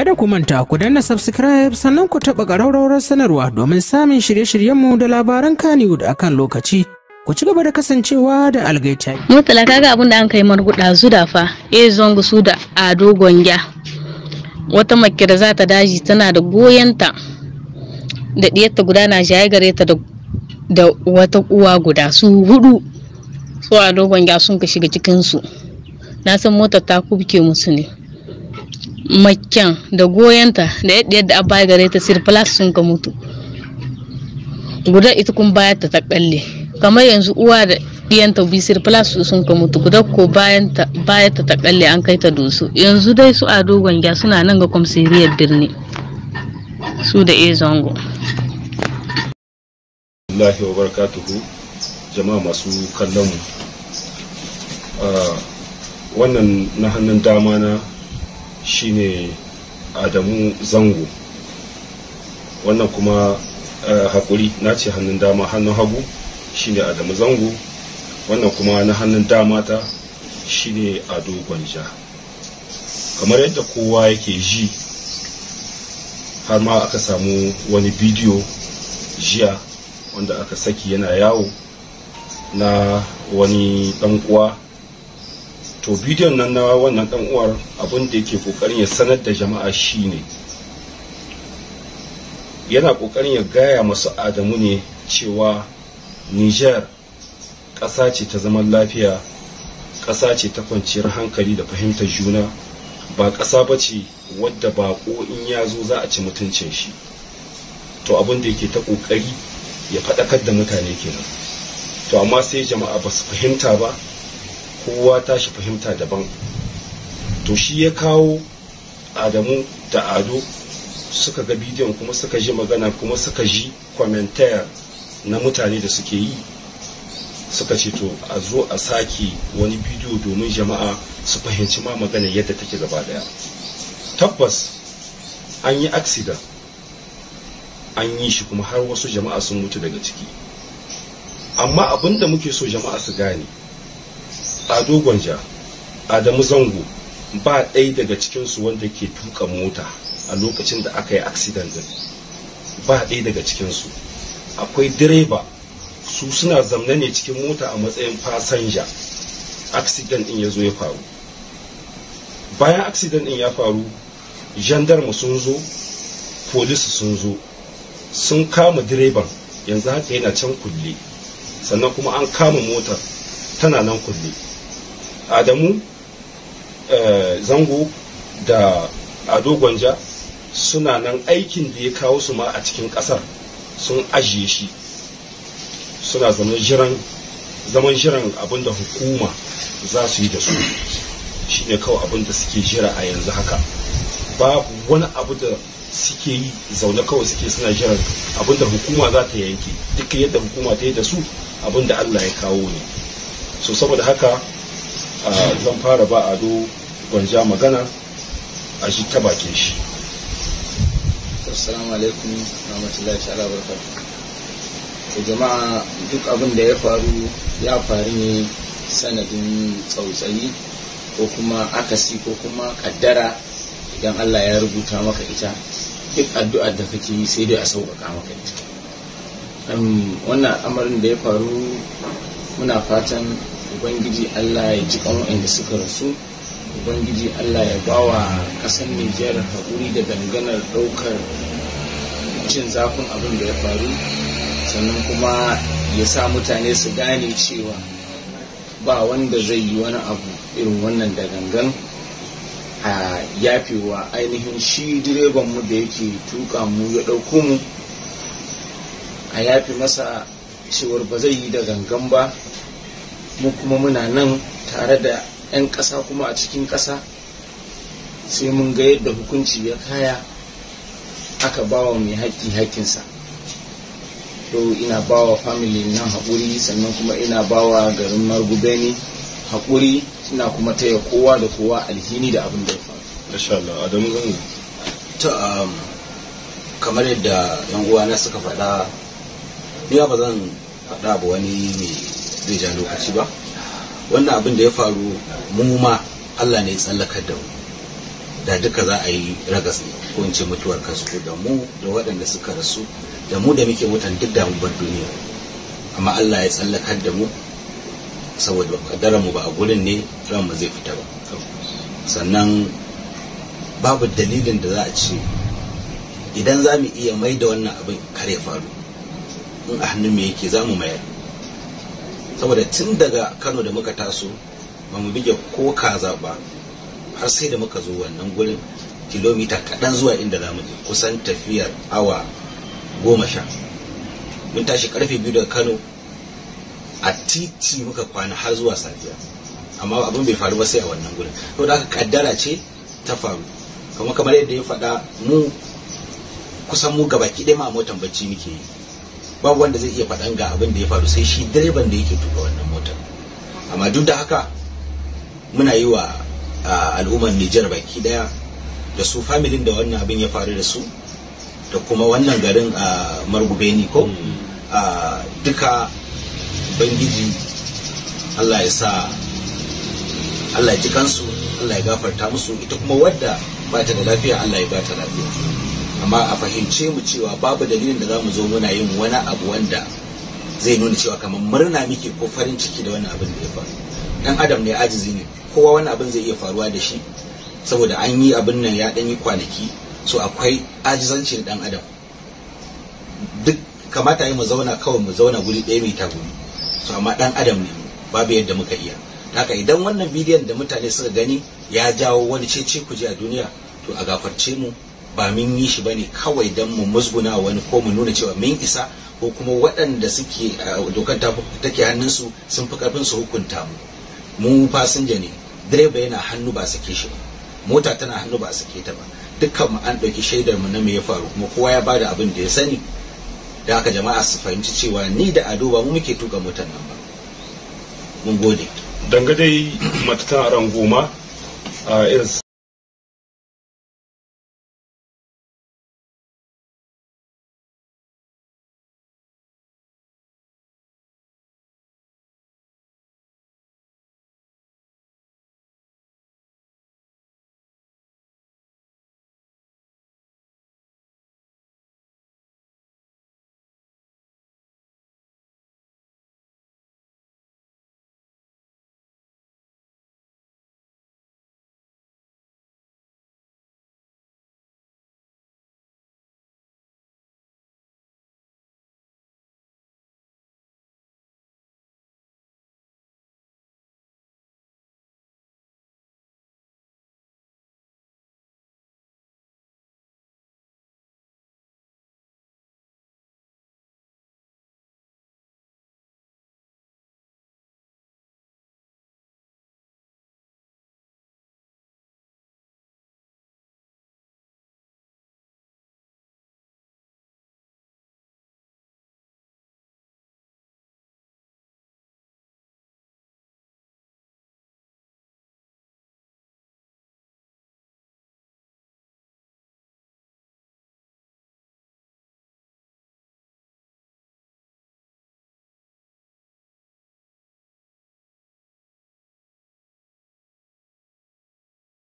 Kada ku manta ku danna subscribe sannan ku taɓa ƙararrawar sanarwa domin samun shirye-shiryenmu da labaran Kannywood a kan lokaci. Ku ci gaba da kasancewa da algaita. Murtala kaga abin da an kai marguɗa zuda fa, e zongu su da ado ya. Wata makira za ta daji tana da goyonta da ɗiyarta guda na jaye gare ta da wata uwa guda su hudu. Su a dogon sun ka shiga cikinsu. Na san motar ta kubke musu ne. makyan da goyonta da yadda yadda a baya gare ta sirfilas sun ka mutu guda ita kun bayan ta takalle kamar yanzu uwa da ɗiyanta bi sirfilas sun ka mutu guda ko bayan ta takalle an kai ta dosu yanzu dai su a dogon gya suna nan ga kwamsiriyar birni su da e zango Allahi wa barakatuhu jama'a masu kallon mu ah, wannan na hannun dama na shine adamu zango wannan kuma eh, hakuri na ce hannun dama hannun hagu shine adamu zango wannan kuma na hannun dama ta shine ado gwanja kamar yadda kowa yake ji har ma aka samu wani bidiyo jiya wanda aka saki yana yawo na wani dan uwa to bidiyon nan na wannan dan uwar abin da yake kokarin ya sanar da jama'a shine yana kokarin ya gaya masu adamu ne cewa niger ƙasa ce ta zaman lafiya ƙasa ce ta kwanciyar hankali da fahimtar juna ba ƙasa ba ce wadda baƙo in ya zo za a ci mutuncin shi to abin da yake ta kokari ya faɗakar da mutane kenan to amma sai jama'a ba su fahimta ba kowa ta shi fahimta daban to shi ya kawo adamu da ado suka ga bidiyon kuma suka ji magana kuma suka ji kwamentayar na mutane da suke yi suka ce to a zo a sake wani bidiyo domin jama'a su fahimci ma magana yadda take gaba daya tabbas an yi aksida an yi shi kuma har wasu jama'a sun mutu daga ciki amma abinda muke so jama'a su gane ado gwanja adamu zango ba ɗaya daga cikinsu wanda ke tuka mota a lokacin da aka yi accident din ba ɗaya daga cikinsu akwai direba su suna zamna ne cikin mota a matsayin fasanja aksidan din ya zo ya faru bayan aksidan din ya faru jandarma sun zo polisi sun zo sun kama direban yanzu haka yana can kulle sannan kuma an kama motar tana nan kulle adamu eh, zango da ado gwanja suna nan aikin da ya kawo su ma a cikin kasar sun ajiye shi suna zaman jiran abinda hukuma za su yi da su shine kawai abinda suke jira a yanzu haka babu wani abu da suke yi zaune kawai suke suna jiran abinda hukuma za ta yanke duk yadda hukuma ta yi da su abinda allah ya kawo ne so saboda haka zan fara ba ado gwanja magana a shi ta bakin shi assalamu alaikum rahmatullahi ta'ala barakatuh jama'a duk abin da ya faru ya faru ne sanadin tsautsayi ko kuma akasi ko kuma kaddara idan Allah ya rubuta maka ita duk addu'ar da kake yi sai dai a sauƙaƙa maka ita wannan amarin da ya faru muna fatan ubangiji allah ya ji da suka rasu ubangiji allah ya bawa ƙasar nijar haƙuri da danganar ɗaukar cin zafin abin da ya faru sannan kuma ya sa mutane su gane cewa ba wanda zai yi wani abu irin wannan da gangan a yafewa ainihin shi direban mu da yake tuka mu ya ɗauko mu a yafi masa cewar ba zai yi da gangan ba mu kuma muna nan tare da 'yan ƙasa kuma a cikin ƙasa sai mun ga yadda hukunci ya kaya aka bawa mai haƙƙi haƙƙinsa to ina bawa family nan haƙuri sannan kuma ina bawa garin margubeni haƙuri ina kuma taya kowa da kowa alhini da abin da ya faru ta um, kamar yadda yan uwa na suka faɗa ni ba zan faɗa ba wani mai zai ja lokaci ba wannan abin da ya faru mu ma Allah ne ya tsallakar da mu da duka za a yi ragas ko in ce mutuwar kasu da mu da waɗanda suka rasu da mu da muke mutan duk da bar duniya amma Allah ya tsallakar da mu saboda kaddarar mu ba a gurin ne ran mu zai fita ba sannan babu dalilin da za a ce idan za mu iya mai da wannan abin kare faru in a hannun mu yake za mu mayar saboda tun daga kano da muka taso ba mu bige ko kaza ba har sai da muka zo wannan gurin kilomita kaɗan zuwa inda za mu je kusan tafiyar awa goma sha mun tashi karfe biyu daga kano a titi muka kwana har zuwa safiya amma abin bai faru ba sai a wannan gurin to da aka kaddara ce ta faru kuma kamar yadda ya faɗa mu kusan mu gaba ɗaya ma motan bacci muke yi babu wanda zai iya faɗan ga abin da ya faru sai shi direban da yake tuka wannan motar amma duk da haka muna yi wa al'ummar Nijar baki daya da su familin da wannan abin ya faru da su da kuma wannan garin a ni ko hmm. duka bangiji Allah ya sa Allah ya ji kansu Allah ya gafarta musu ita kuma wadda ba ta da lafiya Allah ya ba ta lafiya amma a fahimce mu cewa babu dalilin da za mu zo muna yin wani abu wanda zai nuna cewa kamar murna muke ko farin ciki da wani abin da ya faru dan adam ne ajizi ne kowa wani abin zai iya faruwa da shi saboda an yi abin nan ya dan yi kwanaki so akwai ajizanci da dan adam duk kamata yi mu zauna kawai mu zauna guri ɗaya mai tagumi so amma dan adam ne babu yadda muka iya haka idan wannan bidiyon da mutane suka gani ya jawo wani cece kuje a duniya to a gafarce mu ba mun yi shi bane kawai don mu musguna wani ko mu nuna cewa mun isa ko kuma waɗanda suke uh, dokar ta take hannunsu sun fi karfin su hukunta mu mu fasinja ne direba yana hannu ba sake shi mota tana hannu ba sake ta ba dukkan mu an ɗauki shaidar mu na me ya faru kuma kowa ya bada abin da ya sani da aka jama'a su fahimci cewa ni da ado ba mu muke tuka motar nan ba mun gode dangane matatan goma a uh, irin